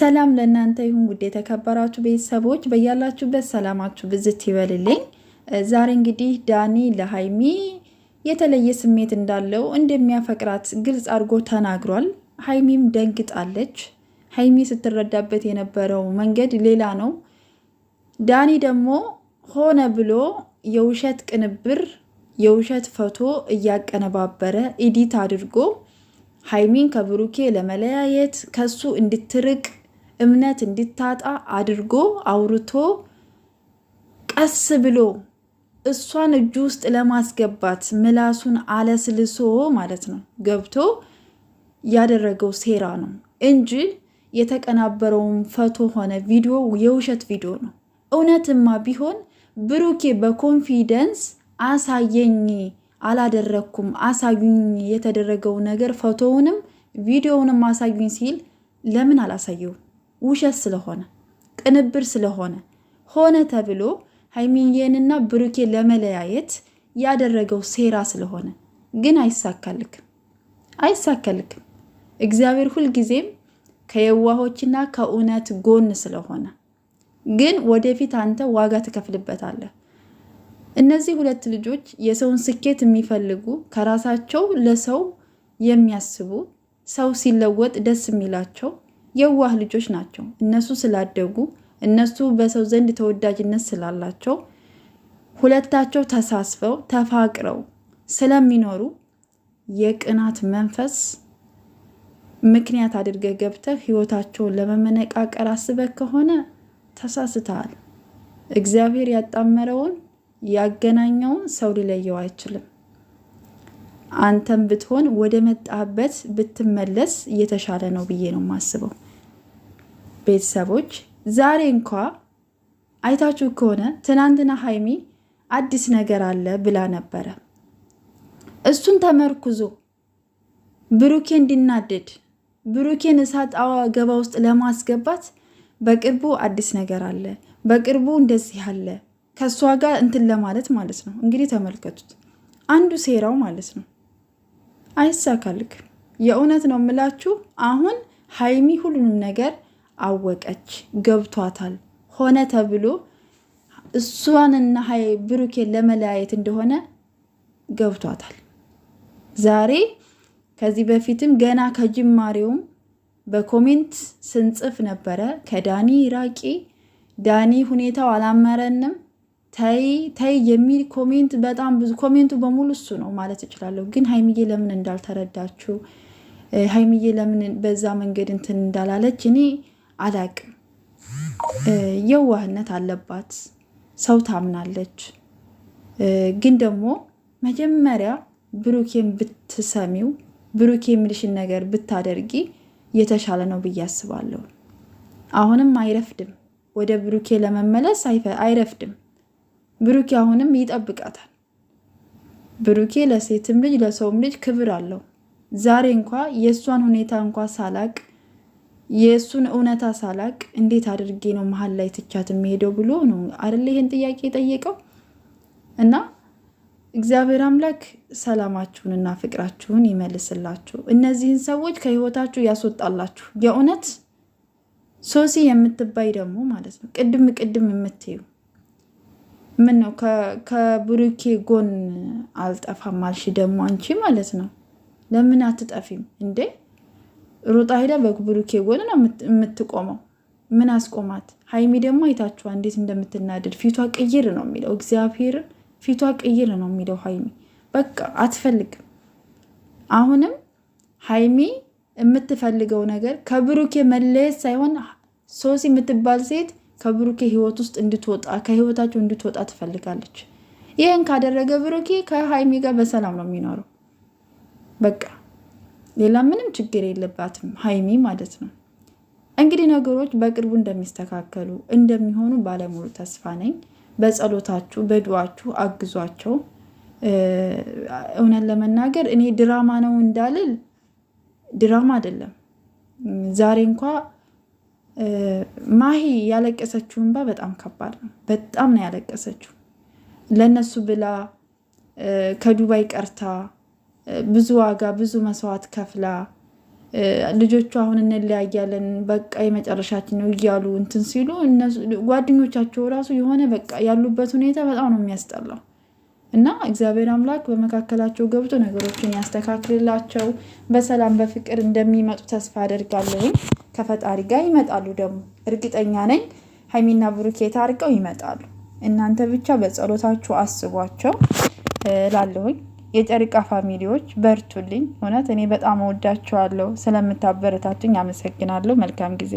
ሰላም ለእናንተ ይሁን ውድ የተከበራችሁ ቤተሰቦች፣ በያላችሁበት ሰላማችሁ ብዝት ይበልልኝ። ዛሬ እንግዲህ ዳኒ ለሀይሚ የተለየ ስሜት እንዳለው እንደሚያፈቅራት ግልጽ አድርጎ ተናግሯል። ሀይሚም ደንግጣለች። ሀይሚ ስትረዳበት የነበረው መንገድ ሌላ ነው። ዳኒ ደግሞ ሆነ ብሎ የውሸት ቅንብር፣ የውሸት ፎቶ እያቀነባበረ ኢዲት አድርጎ ሀይሚን ከብሩኬ ለመለያየት ከሱ እንድትርቅ እምነት እንዲታጣ አድርጎ አውርቶ ቀስ ብሎ እሷን እጁ ውስጥ ለማስገባት ምላሱን አለስልሶ ማለት ነው ገብቶ ያደረገው ሴራ ነው እንጂ የተቀናበረውን ፈቶ ሆነ ቪዲዮ የውሸት ቪዲዮ ነው። እውነትማ ቢሆን ብሩኬ በኮንፊደንስ አሳየኝ፣ አላደረግኩም፣ አሳዩኝ፣ የተደረገው ነገር ፎቶውንም ቪዲዮውንም አሳዩኝ ሲል ለምን አላሳየውም? ውሸት ስለሆነ ቅንብር ስለሆነ ሆነ ተብሎ ሀይሚዬንና ብሩኬ ለመለያየት ያደረገው ሴራ ስለሆነ ግን አይሳካልክም፣ አይሳካልክም። እግዚአብሔር ሁልጊዜም ከየዋሆችና ከእውነት ጎን ስለሆነ ግን ወደፊት አንተ ዋጋ ትከፍልበታለህ። እነዚህ ሁለት ልጆች የሰውን ስኬት የሚፈልጉ ከራሳቸው ለሰው የሚያስቡ ሰው ሲለወጥ ደስ የሚላቸው የዋህ ልጆች ናቸው። እነሱ ስላደጉ እነሱ በሰው ዘንድ ተወዳጅነት ስላላቸው ሁለታቸው ተሳስበው ተፋቅረው ስለሚኖሩ የቅናት መንፈስ ምክንያት አድርገህ ገብተህ ህይወታቸውን ለመመነቃቀር አስበህ ከሆነ ተሳስተሃል። እግዚአብሔር ያጣመረውን ያገናኘውን ሰው ሊለየው አይችልም። አንተም ብትሆን ወደ መጣበት ብትመለስ እየተሻለ ነው ብዬ ነው የማስበው። ቤተሰቦች ዛሬ እንኳ አይታችሁ ከሆነ ትናንትና ሀይሚ አዲስ ነገር አለ ብላ ነበረ። እሱን ተመርኩዞ ብሩኬ እንዲናደድ ብሩኬን እሳት አገባ ውስጥ ለማስገባት በቅርቡ አዲስ ነገር አለ፣ በቅርቡ እንደዚህ አለ ከእሷ ጋር እንትን ለማለት ማለት ነው። እንግዲህ ተመልከቱት፣ አንዱ ሴራው ማለት ነው። አይሳካልክ የእውነት ነው የምላችሁ። አሁን ሀይሚ ሁሉንም ነገር አወቀች፣ ገብቷታል። ሆነ ተብሎ እሷንና ሀይ ብሩኬን ለመለያየት እንደሆነ ገብቷታል። ዛሬ ከዚህ በፊትም ገና ከጅማሬውም በኮሜንት ስንጽፍ ነበረ፣ ከዳኒ ራቂ፣ ዳኒ ሁኔታው አላመረንም፣ ተይ ተይ የሚል ኮሜንት በጣም ብዙ ኮሜንቱ በሙሉ እሱ ነው ማለት እችላለሁ። ግን ሀይምዬ ለምን እንዳልተረዳችው፣ ሀይምዬ ለምን በዛ መንገድ እንትን እንዳላለች እኔ አላቅም። የዋህነት አለባት። ሰው ታምናለች። ግን ደግሞ መጀመሪያ ብሩኬን ብትሰሚው ብሩኬ የሚልሽን ነገር ብታደርጊ የተሻለ ነው ብዬ አስባለሁ። አሁንም አይረፍድም፣ ወደ ብሩኬ ለመመለስ አይረፍድም። ብሩኬ አሁንም ይጠብቃታል። ብሩኬ ለሴትም ልጅ ለሰውም ልጅ ክብር አለው። ዛሬ እንኳ የእሷን ሁኔታ እንኳ ሳላቅ የእሱን እውነታ ሳላቅ እንዴት አድርጌ ነው መሀል ላይ ትቻት የሚሄደው ብሎ ነው አደለ ይህን ጥያቄ የጠየቀው። እና እግዚአብሔር አምላክ ሰላማችሁንና ፍቅራችሁን ይመልስላችሁ፣ እነዚህን ሰዎች ከህይወታችሁ ያስወጣላችሁ። የእውነት ሶሲ የምትባይ ደግሞ ማለት ነው ቅድም ቅድም የምትዩ ምን ነው ከብሩኬ ጎን አልጠፋም አልሽ ደግሞ አንቺ ማለት ነው። ለምን አትጠፊም እንዴ? ሩጣ ሄዳ በብሩኬ ጎን ነው የምትቆመው። ምን አስቆማት? ሀይሚ ደግሞ አይታችኋ እንዴት እንደምትናደድ ፊቷ ቅይር ነው የሚለው እግዚአብሔርን፣ ፊቷ ቅይር ነው የሚለው ሀይሚ በቃ አትፈልግም። አሁንም ሀይሚ የምትፈልገው ነገር ከብሩኬ መለየት ሳይሆን ሶሲ የምትባል ሴት ከብሩኬ ህይወት ውስጥ እንድትወጣ ከህይወታቸው እንድትወጣ ትፈልጋለች። ይህን ካደረገ ብሩኬ ከሀይሚ ጋር በሰላም ነው የሚኖረው በቃ ሌላ ምንም ችግር የለባትም ሀይሚ ማለት ነው። እንግዲህ ነገሮች በቅርቡ እንደሚስተካከሉ እንደሚሆኑ ባለሙሉ ተስፋ ነኝ። በጸሎታችሁ በዱዋችሁ አግዟቸው። እውነት ለመናገር እኔ ድራማ ነው እንዳልል ድራማ አይደለም። ዛሬ እንኳ ማሂ ያለቀሰችው እንባ በጣም ከባድ ነው። በጣም ነው ያለቀሰችው ለእነሱ ብላ ከዱባይ ቀርታ ብዙ ዋጋ ብዙ መስዋዕት ከፍላ ልጆቹ አሁን እንለያያለን በቃ የመጨረሻችን ነው እያሉ እንትን ሲሉ ጓደኞቻቸው ራሱ የሆነ በቃ ያሉበት ሁኔታ በጣም ነው የሚያስጠላው። እና እግዚአብሔር አምላክ በመካከላቸው ገብቶ ነገሮችን ያስተካክልላቸው። በሰላም በፍቅር እንደሚመጡ ተስፋ አደርጋለሁ። ከፈጣሪ ጋር ይመጣሉ። ደግሞ እርግጠኛ ነኝ ሀይሚና ብሩኬ ታርቀው ይመጣሉ። እናንተ ብቻ በጸሎታችሁ አስቧቸው ላለሁኝ የጨሪቃ ፋሚሊዎች በርቱልኝ። እውነት እኔ በጣም እወዳችኋለሁ። ስለምታበረታቱኝ አመሰግናለሁ። መልካም ጊዜ